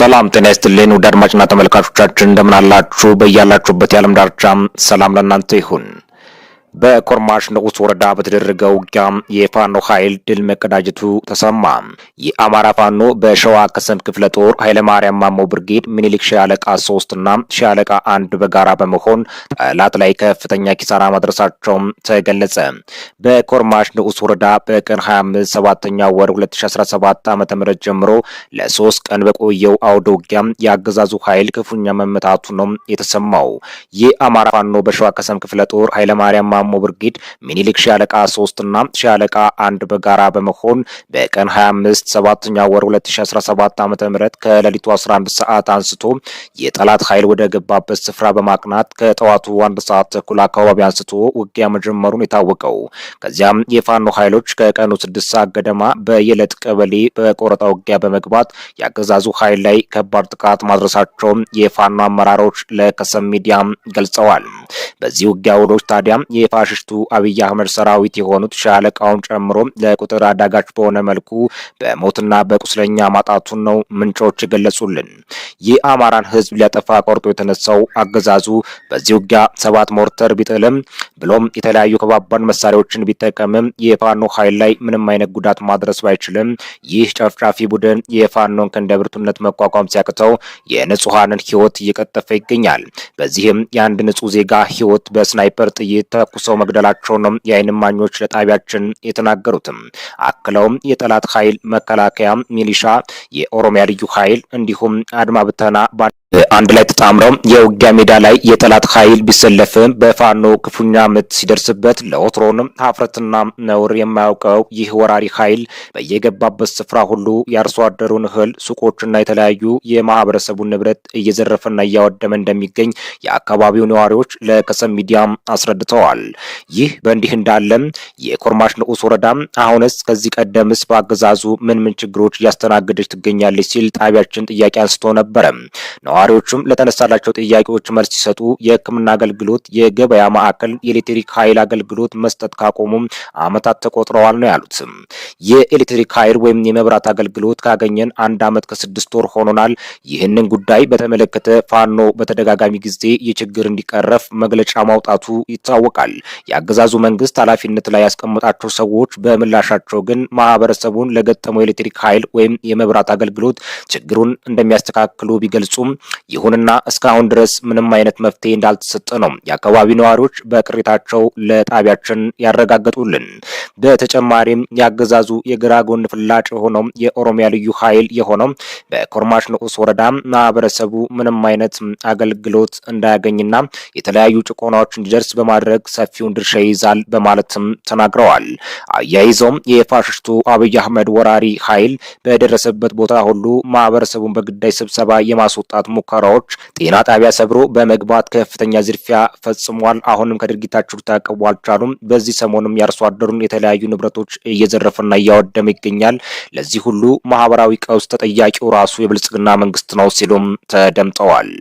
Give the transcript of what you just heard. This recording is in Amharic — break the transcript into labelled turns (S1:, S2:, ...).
S1: ሰላም ጤና ይስጥልን ውድ አድማጭና ተመልካቾቻችን እንደምን አላችሁ? በያላችሁበት የዓለም ዳርቻ ሰላም ለእናንተ ይሁን። በኮርማሽ ንዑስ ወረዳ በተደረገ ውጊያ የፋኖ ኃይል ድል መቀዳጀቱ ተሰማ። የአማራ ፋኖ በሸዋ ከሰም ክፍለ ጦር ኃይለማርያም ማሞ ብርጌድ ምኒልክ ሻለቃ ሶስት እና ሻለቃ አንድ በጋራ በመሆን ጠላት ላይ ከፍተኛ ኪሳራ ማድረሳቸውም ተገለጸ። በኮርማሽ ንዑስ ወረዳ በቀን 25 ሰባተኛ ወር 2017 ዓ ም ጀምሮ ለሶስት ቀን በቆየው አውደ ውጊያ የአገዛዙ ኃይል ክፉኛ መመታቱ ነው የተሰማው። የአማራ ፋኖ በሸዋ ከሰም ክፍለ ጦር ኃይለማርያም ማሞ ብርጌድ ሚኒሊክ ሻለቃ 3 እና ሻለቃ አንድ በጋራ በመሆን በቀን 25 7 ወር 2017 ዓ.ም ከሌሊቱ 11 ሰዓት አንስቶ የጠላት ኃይል ወደ ገባበት ስፍራ በማቅናት ከጠዋቱ አንድ ሰዓት ተኩል አካባቢ አንስቶ ውጊያ መጀመሩን የታወቀው ከዚያም የፋኖ ኃይሎች ከቀኑ 6 ሰዓት ገደማ በየለት ቀበሌ በቆረጣ ውጊያ በመግባት የአገዛዙ ኃይል ላይ ከባድ ጥቃት ማድረሳቸው የፋኖ አመራሮች ለከሰም ሚዲያም ገልጸዋል። በዚህ ውጊያ ውሎች ታዲያም የፋሽስቱ አብይ አህመድ ሰራዊት የሆኑት ሻለቃውን ጨምሮ ለቁጥር አዳጋች በሆነ መልኩ በሞትና በቁስለኛ ማጣቱን ነው ምንጮች የገለጹልን። የአማራን ህዝብ ሊያጠፋ ቆርጦ የተነሳው አገዛዙ በዚህ ውጊያ ሰባት ሞርተር ቢጥልም ብሎም የተለያዩ ከባባድ መሳሪያዎችን ቢጠቀምም የፋኖ ኃይል ላይ ምንም አይነት ጉዳት ማድረስ ባይችልም ይህ ጨፍጫፊ ቡድን የፋኖን ብርቱነት መቋቋም ሲያቅተው የንጹሐንን ህይወት እየቀጠፈ ይገኛል። በዚህም የአንድ ንጹህ ዜጋ ህይወት በስናይፐር ጥይት ተኩሰው መግደላቸው ነው የአይን እማኞች ለጣቢያችን የተናገሩትም። አክለውም የጠላት ኃይል መከላከያ፣ ሚሊሻ፣ የኦሮሚያ ልዩ ኃይል እንዲሁም አድማ วัฒนบัต አንድ ላይ ተጣምረው የውጊያ ሜዳ ላይ የጠላት ኃይል ቢሰለፍም በፋኖ ክፉኛ ምት ሲደርስበት ለወትሮንም ሀፍረትና ነውር የማያውቀው ይህ ወራሪ ኃይል በየገባበት ስፍራ ሁሉ የአርሶ አደሩን እህል፣ ሱቆችና የተለያዩ የማህበረሰቡን ንብረት እየዘረፈና እያወደመ እንደሚገኝ የአካባቢው ነዋሪዎች ለከሰም ሚዲያም አስረድተዋል። ይህ በእንዲህ እንዳለም የኮርማሽ ንዑስ ወረዳም አሁንስ ከዚህ ቀደምስ በአገዛዙ ምን ምን ችግሮች እያስተናገደች ትገኛለች ሲል ጣቢያችን ጥያቄ አንስቶ ነበረ። ነዋሪዎቹም ለተነሳላቸው ጥያቄዎች መልስ ሲሰጡ የሕክምና አገልግሎት፣ የገበያ ማዕከል፣ የኤሌክትሪክ ኃይል አገልግሎት መስጠት ካቆሙም ዓመታት ተቆጥረዋል ነው ያሉት። የኤሌክትሪክ ኃይል ወይም የመብራት አገልግሎት ካገኘን አንድ ዓመት ከስድስት ወር ሆኖናል። ይህንን ጉዳይ በተመለከተ ፋኖ በተደጋጋሚ ጊዜ የችግር እንዲቀረፍ መግለጫ ማውጣቱ ይታወቃል። የአገዛዙ መንግስት ኃላፊነት ላይ ያስቀመጣቸው ሰዎች በምላሻቸው ግን ማህበረሰቡን ለገጠመው የኤሌክትሪክ ኃይል ወይም የመብራት አገልግሎት ችግሩን እንደሚያስተካክሉ ቢገልጹም ይሁንና እስካሁን ድረስ ምንም አይነት መፍትሄ እንዳልተሰጠ ነው የአካባቢው ነዋሪዎች በቅሬታቸው ለጣቢያችን ያረጋገጡልን። በተጨማሪም ያገዛዙ የግራ ጎን ፍላጭ የሆነው የኦሮሚያ ልዩ ኃይል የሆነው በኮርማሽ ንዑስ ወረዳ ማህበረሰቡ ምንም አይነት አገልግሎት እንዳያገኝና የተለያዩ ጭቆናዎች እንዲደርስ በማድረግ ሰፊውን ድርሻ ይይዛል በማለትም ተናግረዋል። አያይዘውም የፋሽስቱ አብይ አህመድ ወራሪ ኃይል በደረሰበት ቦታ ሁሉ ማህበረሰቡን በግዳይ ስብሰባ የማስወጣት ሙከራዎች ጤና ጣቢያ ሰብሮ በመግባት ከፍተኛ ዝርፊያ ፈጽሟል። አሁንም ከድርጊታቸው ሊታቀቡ አልቻሉም። በዚህ ሰሞንም የአርሶ አደሩን የተለያዩ ንብረቶች እየዘረፈና እያወደመ ይገኛል። ለዚህ ሁሉ ማህበራዊ ቀውስ ተጠያቂው ራሱ የብልጽግና መንግስት ነው ሲሉም ተደምጠዋል።